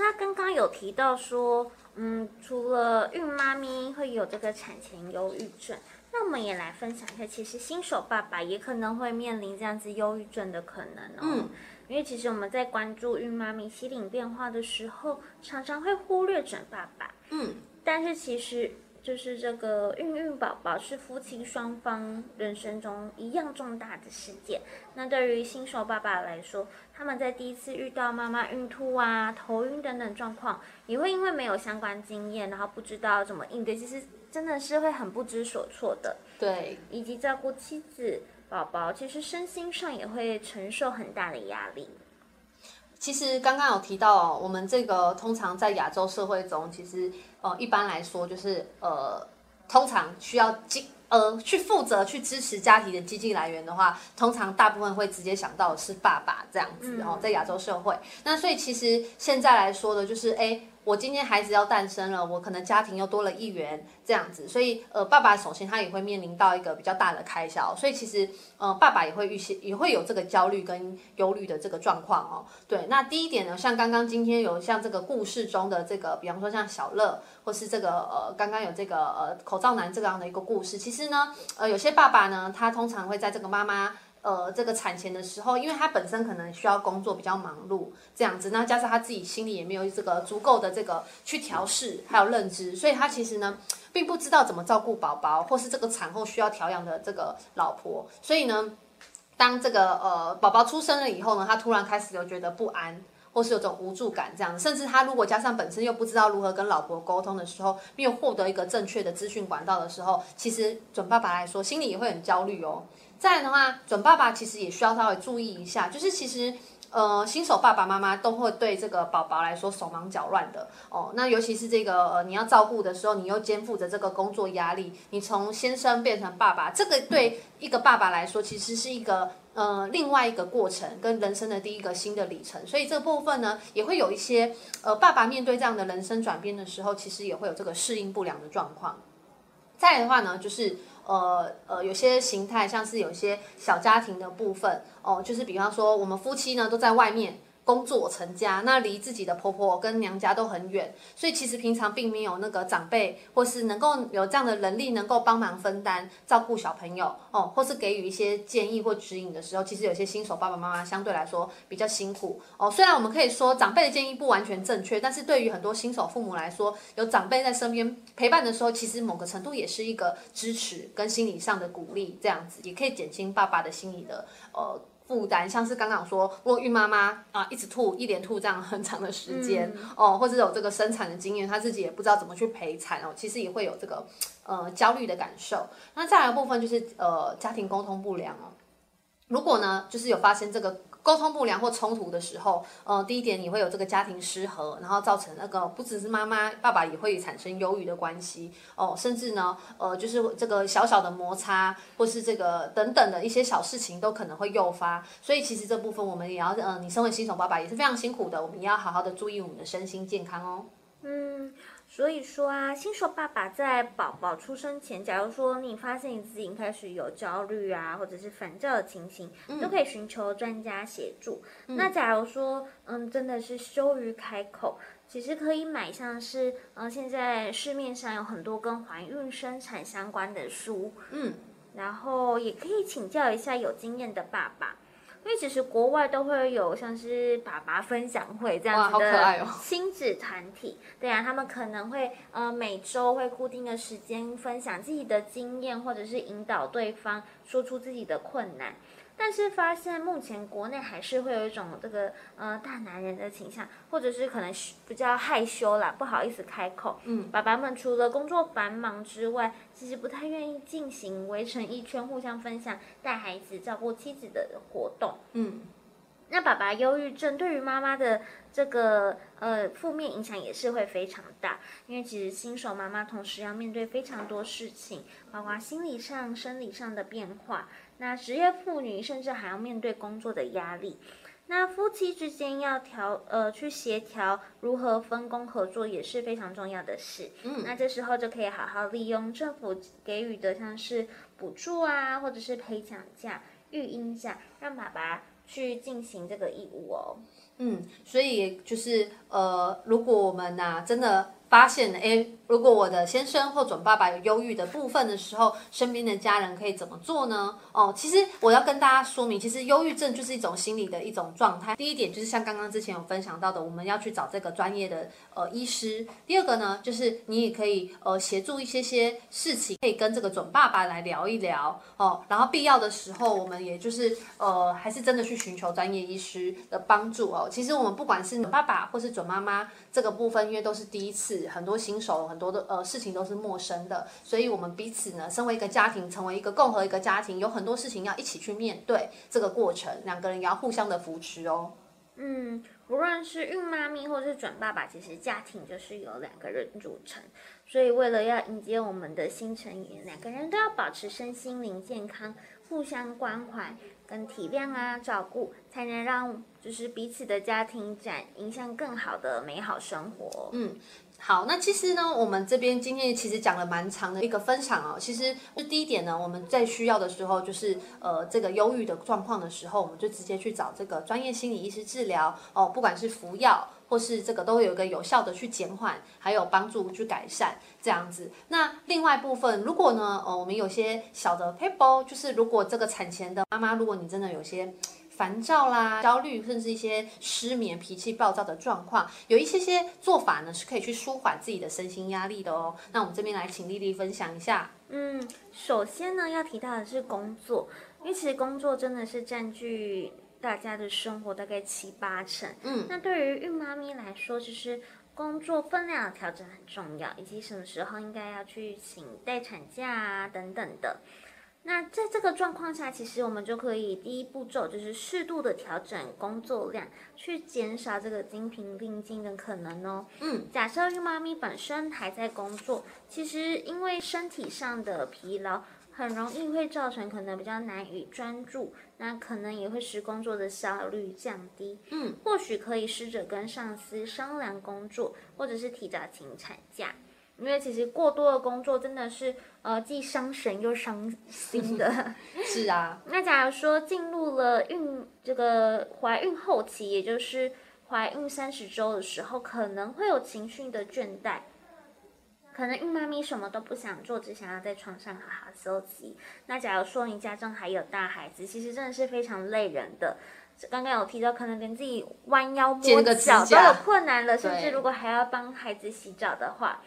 他剛剛有提到說，嗯，除了孕媽咪會有這個產前憂鬱症，那我們也來分享一下，其實新手爸爸也可能會面臨這樣子憂鬱症的可能哦。嗯，因為其實我們在關注孕媽咪心理變化的時候，常常會忽略準爸爸。嗯，但是其實。就是這個孕育寶寶是夫妻雙方人生中一樣重大的事件。那對於新手爸爸來說，他們在第一次遇到媽媽孕吐啊、頭暈等等狀況，也會因為沒有相關經驗，然後不知道怎麼應對，其實真的是會很不知所措的。對，以及照顧妻子、寶寶，其實身心上也會承受很大的壓力。其實剛剛有提到，我們這個通常在亞洲社會中，其實。呃，一般來說就是呃，通常需要經呃去負責去支持家庭的經濟來源的話，通常大部分會直接想到是爸爸這樣子、嗯、哦，在亞洲社會，那所以其實現在來說的就是哎。欸我今天孩子要誕生了，我可能家庭又多了一員這樣子，所以呃，爸爸首先他也會面臨到一個比較大的開銷，所以其實呃，爸爸也會預先也會有這個焦慮跟憂慮的這個狀況哦。對，那第一點呢，像剛剛今天有像這個故事中的這個，比方說像小樂，或是這個呃，剛剛有這個呃口罩男這樣的一個故事，其實呢，呃，有些爸爸呢，他通常會在這個媽媽。呃，這個產前的時候，因為他本身可能需要工作比較忙碌，這樣子，那加上他自己心裡也沒有這個足夠的這個去調適，還有認知，所以他其實呢，並不知道怎麼照顧寶寶，或是這個產後需要調養的這個老婆。所以呢，當這個呃寶寶出生了以後呢，他突然開始有覺得不安，或是有種無助感這樣，甚至他如果加上本身又不知道如何跟老婆溝通的時候，沒有獲得一個正確的資訊管道的時候，其實準爸爸來說，心裡也會很焦慮哦。再來的話，準爸爸其實也需要稍微注意一下，就是其實，呃，新手爸爸媽媽都會對這個寶寶來說手忙腳亂的哦，呃。那尤其是這個，呃，你要照顧的時候，你又肩負着這個工作壓力，你從先生變成爸爸，這個對一個爸爸來說，其實是一個呃另外一個過程，跟人生的第一個新的里程。所以這部分呢，也會有一些呃，爸爸面對這樣的人生轉變的時候，其實也會有這個適應不良的狀況。再來的話呢，就是。呃呃，有些形態，像是有些小家庭的部分哦，呃，就是比方說我們夫妻呢都在外面。工作成家，那離自己的婆婆跟娘家都很遠，所以其實平常並沒有那個長輩或是能夠有這樣的能力能夠幫忙分擔照顧小朋友哦，或是給予一些建議或指引的時候，其實有些新手爸爸媽媽相對來說比較辛苦哦。雖然我們可以說長輩的建議不完全正確，但是對於很多新手父母來說，有長輩在身邊陪伴的時候，其實某個程度也是一個支持跟心理上的鼓勵，這樣子也可以減輕爸爸的心理的呃。負擔。像是剛剛說，如果孕媽媽啊一直吐，一連吐這樣很長的時間、嗯、哦，或者有這個生產的經驗，她自己也不知道怎麼去陪產哦，其實也會有這個呃焦慮的感受。那再來的部分就是呃家庭溝通不良哦，如果呢就是有發生這個。溝通不良或衝突的時候，呃，第一點你會有這個家庭失和，然後造成那個不只是媽媽爸爸也會產生憂鬱的關係哦，呃，甚至呢，呃，就是這個小小的摩擦或是這個等等的一些小事情都可能會誘發，所以其實這部分我們也要，呃，你身為新手爸爸也是非常辛苦的，我們也要好好的注意我們的身心健康哦。嗯。所以說啊，新手爸爸在寶寶出生前，假如說你發現你自己開始有焦慮啊，或者是煩躁的情形，都、嗯、可以尋求專家協助。嗯、那假如說，嗯，真的是羞於開口，其實可以買像是，嗯、呃，現在市面上有很多跟懷孕生產相關的書，嗯，然後也可以請教一下有經驗的爸爸。因為其實國外都會有像是爸爸分享會這樣子的親子團體，哦、對啊，他們可能會呃每周會固定的時間分享自己的經驗，或者是引導對方說出自己的困難。但是發現目前國內還是會有一種這個呃大男人的傾向，或者是可能比較害羞啦，不好意思開口。嗯，爸爸們除了工作繁忙之外，其實不太願意進行圍成一圈互相分享、帶孩子、照顧妻子的活動。嗯。那爸爸憂鬱症對於媽媽的這個呃負面影響也是會非常大，因為其實新手媽媽同時要面對非常多事情，包括心理上、生理上的變化，那職業婦女甚至還要面對工作的壓力，那夫妻之間要調呃去協調如何分工合作也是非常重要的事。嗯。那這時候就可以好好利用政府給予的像是補助啊，或者是陪產假、育嬰假，讓爸爸。去進行這個義務哦，嗯，所以就是呃，如果我們吶真的發現哎，如果我的先生或準爸爸有憂鬱的部分的時候，身邊的家人可以怎麼做呢？哦，其實我要跟大家說明，其實憂鬱症就是一種心理的一種狀態。第一點就是像剛剛之前有分享到的，我們要去找這個專業的呃醫師。第二個呢，就是你也可以呃協助一些些事情，可以跟這個準爸爸來聊一聊哦。然後必要的時候，我們也就是呃還是真的去尋求專業醫師的幫助哦。其實我們不管是準爸爸或是準媽媽這個部分，因為都是第一次。很多新手，很多的呃事情都是陌生的，所以我們彼此呢，身為一個家庭，成為一個共和一個家庭，有很多事情要一起去面對這個過程，兩個人也要互相的扶持哦。嗯，不論是孕媽咪或者是準爸爸，其實家庭就是由兩個人組成，所以為了要迎接我們的新成員，兩個人都要保持身心靈健康，互相關懷跟體諒啊，照顧，才能讓就是彼此的家庭展迎向更好的美好生活。嗯。好，那其實呢，我們這邊今天其實講了蠻長的一個分享哦，其實，第一點呢，我們在需要的時候，就是呃，這個憂鬱的狀況的時候，我們就直接去找這個專業心理醫師治療哦。不管是服藥或是這個，都會有一個有效的去減緩，還有幫助去改善這樣子。那另外部分，如果呢，呃、哦，我們有些小的 paper，就是如果這個產前的媽媽，如果你真的有些。煩躁啦、焦慮，甚至一些失眠、脾氣暴躁的狀況，有一些些做法呢是可以去舒緩自己的身心壓力的哦。那我們這邊來請麗麗分享一下。嗯，首先呢要提到的是工作，因為其實工作真的是占據大家的生活大概七八成。嗯，那對於孕媽咪來說，其實工作分量的調整很重要，以及什麼時候應該要去請待產假啊等等的。那在這個狀況下，其實我們就可以第一步驟就是適度的調整工作量，去減少這個精疲力盡的可能哦。嗯，假設孕媽咪本身還在工作，其實因為身體上的疲勞，很容易會造成可能比較難以專注，那可能也會使工作的效率降低。嗯，或許可以試着跟上司商量工作，或者是提早請產假，因為其實過多的工作真的是。呃，既傷神又傷心的 是啊。那假如說進入了孕這個懷孕後期，也就是懷孕三十周的時候，可能會有情緒的倦怠，可能孕媽咪什麼都不想做，只想要在床上好好休息。那假如說你家中還有大孩子，其實真的是非常累人的。剛剛有提到，可能連自己彎腰摸腳都有困難了，甚至如果還要幫孩子洗澡的話。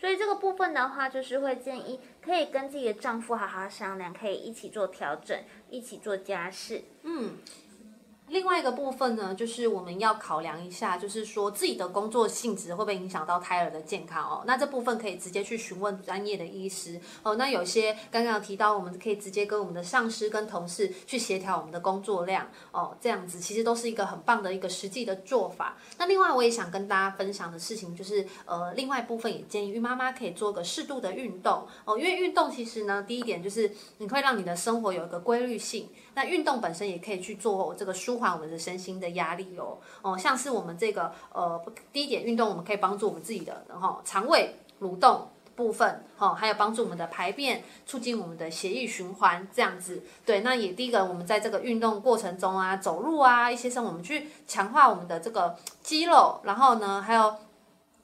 所以這個部分的話，就是會建議可以跟自己的丈夫好好商量，可以一起做調整，一起做家事。嗯。另外一個部分呢，就是我們要考量一下，就是說自己的工作性質會不會影響到胎兒的健康哦。那這部分可以直接去詢問專業的醫師哦。那有些剛剛有提到，我們可以直接跟我們的上司跟同事去協調我們的工作量哦。這樣子其實都是一個很棒的一個實際的做法。那另外我也想跟大家分享的事情就是，呃，另外一部分也建議孕媽媽可以做個適度的運動哦。因為運動其實呢，第一點就是你會讓你的生活有一個規律性。那運動本身也可以去做這個舒緩我們的身心的壓力哦哦，像是我們這個呃第一點運動，我們可以幫助我們自己的然後腸胃蠕動部分哦，還有幫助我們的排便，促進我們的血液循環這樣子。對，那也第一個我們在這個運動過程中啊，走路啊一些時候，我們去強化我們的這個肌肉，然後呢還有。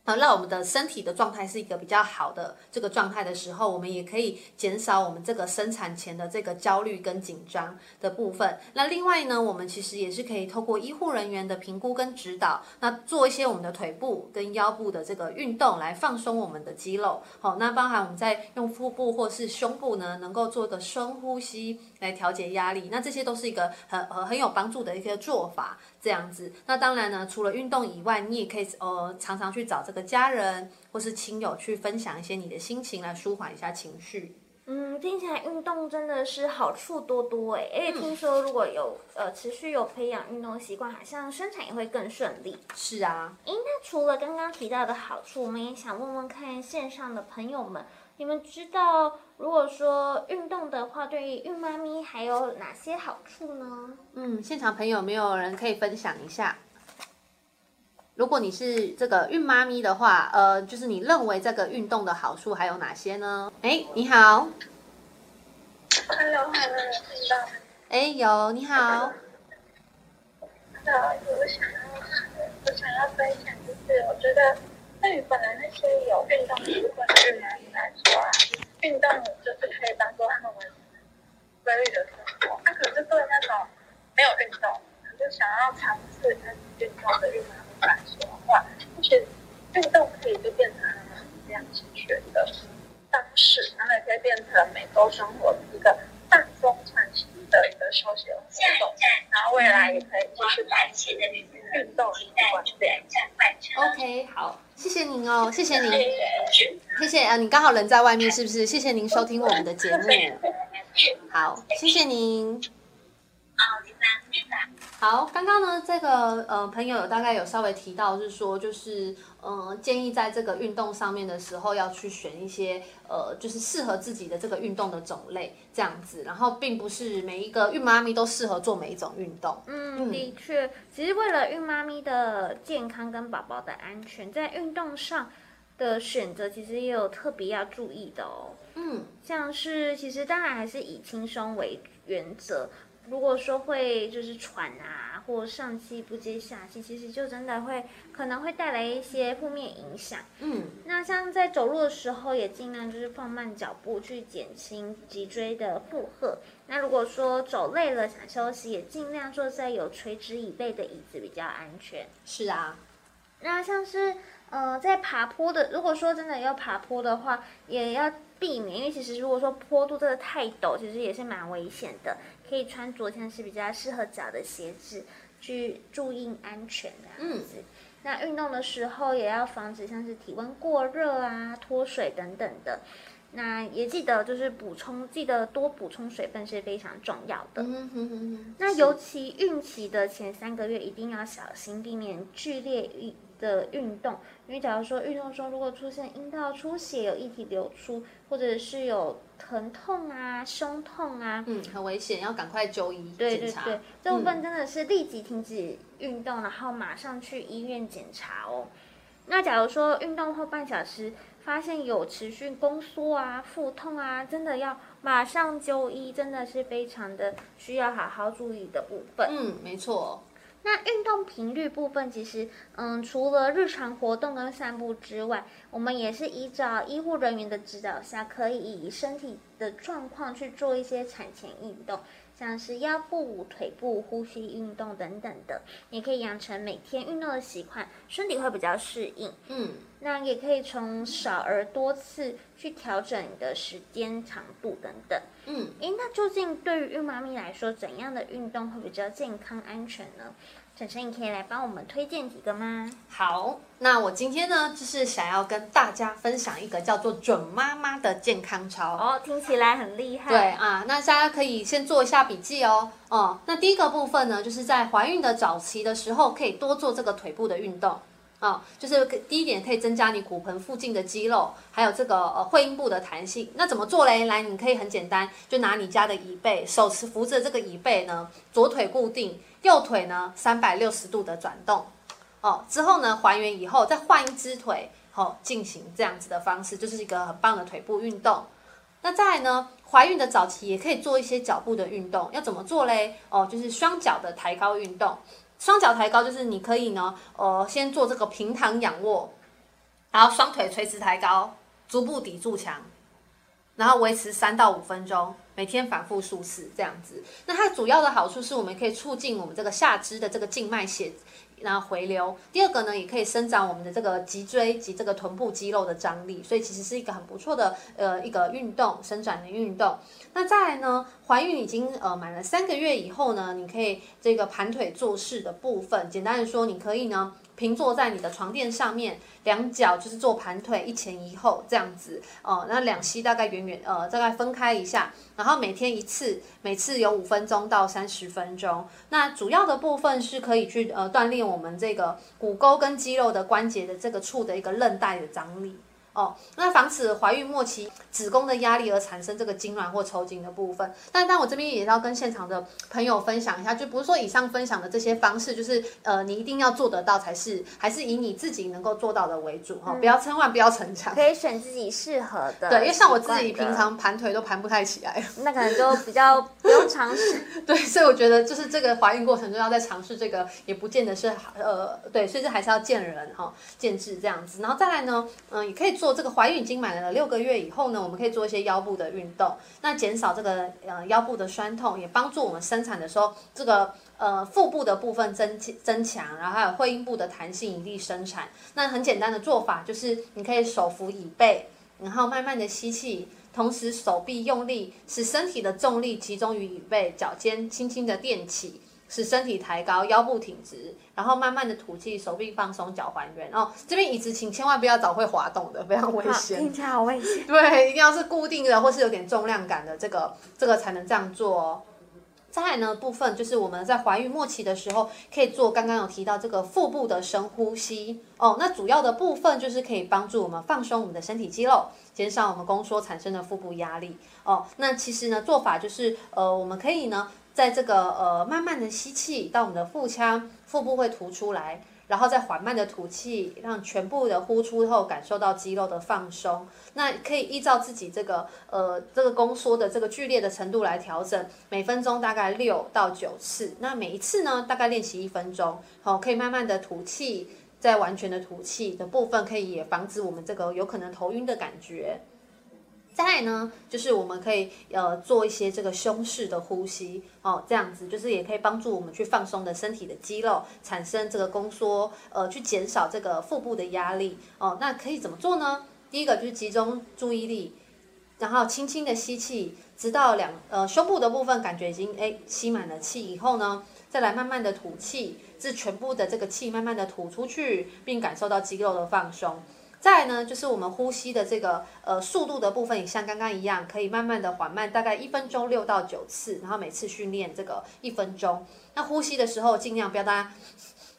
好，那我們的身體的狀態是一個比較好的這個狀態的時候，我們也可以減少我們這個生產前的這個焦慮跟緊張的部分。那另外呢，我們其實也是可以透過醫護人員的評估跟指導，那做一些我們的腿部跟腰部的這個運動來放鬆我們的肌肉。好、哦，那包含我們在用腹部或是胸部呢，能夠做的深呼吸來調節壓力。那這些都是一個很很很有幫助的一個做法。這樣子，那當然呢，除了運動以外，你也可以呃、哦、常常去找這個。和家人或是親友去分享一些你的心情，來舒緩一下情緒。嗯，聽起來運動真的是好處多多誒，嗯，因為聽說如果有呃持續有培養運動習慣，好像生產也會更順利。是啊，誒，那除了剛剛提到的好處，我們也想問問看線上的朋友們，你們知道如果說運動的話，對於孕媽咪還有哪些好處呢？嗯，現場朋友沒有人可以分享一下？如果你是這個孕媽咪的話，呃，就是你認為這個運動的好處還有哪些呢？哎、欸，你好。hello hello 還有還有聽到嗎？哎，有你好。那我想要，我想要分享就是，我覺得對於本來那些有運動習慣的孕媽咪來說啊，運動就是可以當做他們維持規律的生活。那、啊、可是對那種沒有運動，就想要嘗試開始運動的孕媽咪。來說的運動可以就變成這樣子選的方式，然後也可以變成每周生活一個放鬆、喘息的一個休閒活動，然後未來也可以繼續把運動連貫。對、嗯。嗯啊、OK，好，謝謝您哦，謝謝您，嗯、謝謝啊，你剛好人在外面是不是？嗯、謝謝您收聽我們的節目、嗯嗯嗯，好，謝謝您。好，剛剛呢，這個呃，朋友有大概有稍微提到，是說就是，嗯、呃，建議在這個運動上面的時候，要去選一些呃，就是適合自己的這個運動的種類這樣子，然後並不是每一個孕媽咪都適合做每一種運動。嗯，嗯，的確，其實為了孕媽咪的健康跟寶寶的安全，在運動上的選擇其實也有特別要注意的哦。嗯，像是其實當然還是以輕鬆為原則。如果說會就是喘啊，或上氣不接下氣，其實就真的會，可能會帶來一些負面影響。嗯，那像在走路的時候，也儘量就是放慢腳步，去減輕脊椎的負荷。那如果說走累了想休息，也儘量坐在有垂直椅背的椅子比較安全。是啊，那像是呃在爬坡的，如果說真的要爬坡的話，也要避免，因為其實如果說坡度真的太陡，其實也是蠻危險的。可以穿著像是比較適合腳的鞋子，去注意安全這樣子。嗯、那運動的時候也要防止像是體溫過熱啊、脫水等等的。那也記得就是補充，記得多補充水分是非常重要的。嗯嗯嗯嗯、那尤其孕期的前三個月是一定要小心，避免劇烈的運動，因為假如說運動中如果出現陰道出血、有液體流出，或者是有。疼痛啊，胸痛啊，嗯，很危險，要趕快就醫檢查。對對對，這部分真的是立即停止運動，嗯、然後馬上去醫院檢查哦。那假如說運動後半小時發現有持續宮縮啊、腹痛啊，真的要馬上就醫，真的是非常的需要好好注意的部分。嗯，沒錯。那運動頻率部分，其實，嗯，除了日常活動跟散步之外，我們也是依照醫護人員的指導下，可以以身體的狀況去做一些產前運動。像是腰部、腿部、呼吸運動等等的，你可以養成每天運動的習慣，身體會比較適應。嗯，那也可以從少而多次去調整你的時間長度等等。嗯，欸，那究竟對於孕媽咪來說，怎樣的運動會比較健康安全呢？嬸嬸，整身你可以來幫我們推薦幾個嗎？好，那我今天呢，就是想要跟大家分享一個叫做準媽媽的健康操。哦，聽起來很厲害。對啊，那大家可以先做一下筆記哦。哦，那第一個部分呢，就是在懷孕的早期的時候，可以多做這個腿部的運動。啊、哦，就是第一點可以增加你骨盆附近的肌肉，還有這個呃會陰部的彈性。那怎麼做嘞？來，你可以很簡單，就拿你家的椅背，手持扶着這個椅背呢，左腿固定。右腿呢，三百六十度的轉動，哦，之後呢還原以後，再換一隻腿，好、哦，進行這樣子的方式，就是一個很棒的腿部運動。那再來呢，懷孕的早期也可以做一些腳部的運動，要怎麼做嘞？哦，就是雙腳的抬高運動，雙腳抬高就是你可以呢，哦、呃，先做這個平躺仰臥，然後雙腿垂直抬高，足部抵住牆，然後維持三到五分鐘。每天反覆數次，這樣子，那它主要的好處是我們可以促進我們這個下肢的這個靜脈血然後回流。第二個呢，也可以伸展我們的這個脊椎及這個臀部肌肉的張力，所以其實是一個很不錯的呃一個運動伸展的運動。那再來呢，懷孕已經呃滿了三個月以後呢，你可以這個盤腿坐式的部分，簡單的說，你可以呢。平坐在你的床墊上面，兩腳就是做盤腿，一前一後這樣子哦、呃。那兩膝大概遠遠呃，大概分開一下，然後每天一次，每次有五分鐘到三十分鐘。那主要的部分是可以去呃鍛鍊我們這個骨骼跟肌肉的關節的這個處的一個韌帶的張力。哦，那防止懷孕末期子宮的壓力而產生這個痙攣或抽筋的部分，但但我這邊也要跟現場的朋友分享一下，就不是說以上分享的這些方式，就是呃，你一定要做得到才是，還是以你自己能夠做到的為主哈、哦，嗯，不要千萬不要逞強，可以選自己適合的。對，因為像我自己平常盤腿都盤不太起來，那可能就比較不用嘗試。 對，所以我覺得就是這個懷孕過程中要再嘗試這個，也不見得是呃對，所以這還是要見人哈、哦，見智這樣子，然後再來呢，嗯、呃，也可以做。做這個懷孕已經滿了六個月以後呢，我們可以做一些腰部的運動，那減少這個呃腰部的痠痛，也幫助我們生產的時候，這個呃腹部的部分增增強，然後還有會陰部的彈性，以利生產。那很簡單的做法就是，你可以手扶椅背，然後慢慢的吸氣，同時手臂用力，使身體的重力集中於椅背，腳尖輕輕的墊起。使身體抬高，腰部挺直，然後慢慢的吐氣，手臂放鬆，腳還原。哦，這邊椅子請千萬不要找會滑動的，非常危險，好危險。對，一定要是固定的或是有點重量感的，這個這個才能這樣做哦。再來呢部分就是我們在懷孕末期的時候，可以做剛剛有提到這個腹部的深呼吸。哦，那主要的部分就是可以幫助我們放鬆我們的身體肌肉，減少我們宮縮產生的腹部壓力。哦，那其實呢做法就是，呃，我們可以呢。在這個呃，慢慢的吸氣，到我們的腹腔，腹部會凸出來，然後再緩慢的吐氣，讓全部的呼出後，感受到肌肉的放鬆。那可以依照自己這個呃，這個宮縮的這個劇烈的程度來調整，每分鐘大概六到九次。那每一次呢，大概練習一分鐘，好、哦，可以慢慢的吐氣，在完全的吐氣的部分，可以也防止我們這個有可能頭暈的感覺。再來呢，就是我們可以呃做一些這個胸式的呼吸哦，這樣子就是也可以幫助我們去放鬆的身體的肌肉，產生這個宮縮，呃，去減少這個腹部的壓力哦。那可以怎麼做呢？第一個就是集中注意力，然後輕輕的吸氣，直到兩呃胸部的部分感覺已經誒、欸、吸滿了氣以後呢，再來慢慢的吐氣，至全部的這個氣慢慢的吐出去，並感受到肌肉的放鬆。再呢，就是我們呼吸的這個呃速度的部分，也像剛剛一樣，可以慢慢的緩慢，大概一分鐘六到九次，然後每次訓練這個一分鐘。那呼吸的時候，儘量不要大家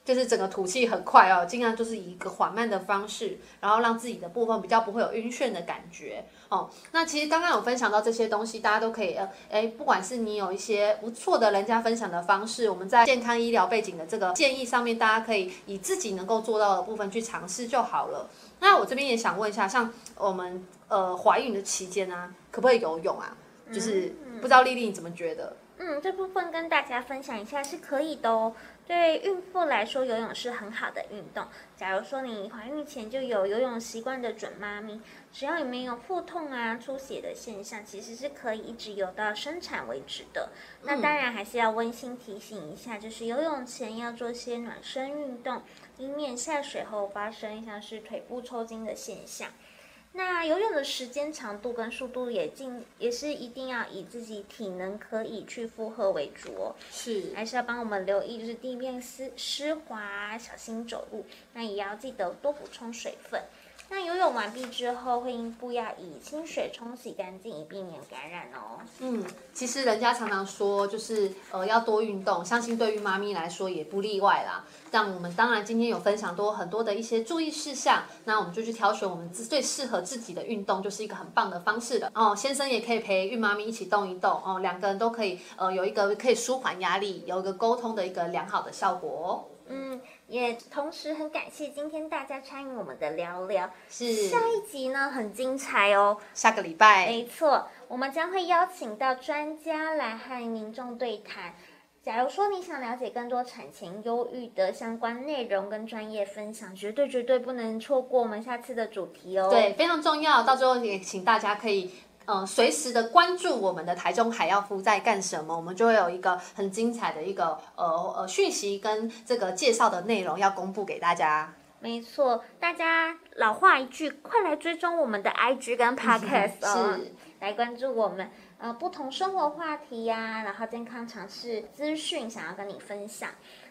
就是整個吐氣很快哦，儘量就是以一個緩慢的方式，然後讓自己的部分比較不會有暈眩的感覺哦。那其實剛剛有分享到這些東西，大家都可以呃，哎、欸，不管是你有一些不錯的人家分享的方式，我們在健康醫療背景的這個建議上面，大家可以以自己能夠做到的部分去嘗試就好了。那我這邊也想問一下，像我們呃懷孕的期間呢、啊，可不可以游泳啊？嗯嗯、就是不知道麗麗你怎麼覺得？嗯，這部分跟大家分享一下是可以的哦。對孕婦來說，游泳是很好的運動。假如說你懷孕前就有游泳習慣的準媽咪，只要你沒有腹痛啊、出血的現象，其實是可以一直游到生產為止的。嗯、那當然還是要溫馨提醒一下，就是游泳前要做些暖身運動。以免下水後發生像是腿部抽筋的現象，那游泳的時間長度跟速度也盡也是一定要以自己體能可以去負荷為主哦。是，還是要幫我們留意，就是地面濕濕滑，小心走路。那也要記得多補充水分。那游泳完畢之後，會陰部要以清水沖洗乾淨，以避免感染哦。嗯，其實人家常常說，就是呃要多運動，相信對於媽咪來說也不例外啦。那我們當然今天有分享多很多的一些注意事項，那我們就去挑選我們最適合自己的運動，就是一個很棒的方式的哦。先生也可以陪孕媽咪一起動一動哦，兩個人都可以呃有一個可以舒緩壓力，有一個溝通的一個良好的效果哦。嗯。也同時很感謝今天大家參與我們的聊聊，是下一集呢很精彩哦，下個禮拜沒錯，我們將會邀請到專家來和民眾對談。假如說你想了解更多產前憂鬱的相關內容跟專業分享，絕對絕對不能錯過我們下次的主題哦。對，非常重要，到最後也請大家可以。呃隨時的關注我們的台中海藥夫在幹什麼，我們就會有一個很精彩的一個呃呃訊息跟這個介紹的內容要公布給大家。沒錯，大家老話一句，快來追蹤我們的 IG 跟 Podcast 啊、嗯哦，來關注我們呃不同生活話題呀、啊，然後健康常識資訊想要跟你分享。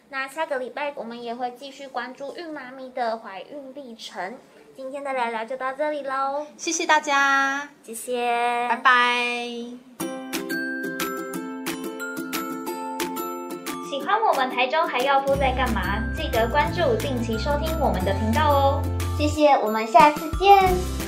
那下個禮拜我們也會繼續關注孕媽咪的懷孕歷程。今天的聊聊就到這裡嘍，謝謝大家，謝謝，拜拜。喜歡我們台中還要住在幹嘛？記得關注，定期收聽我們的頻道哦。謝謝，我們下次見。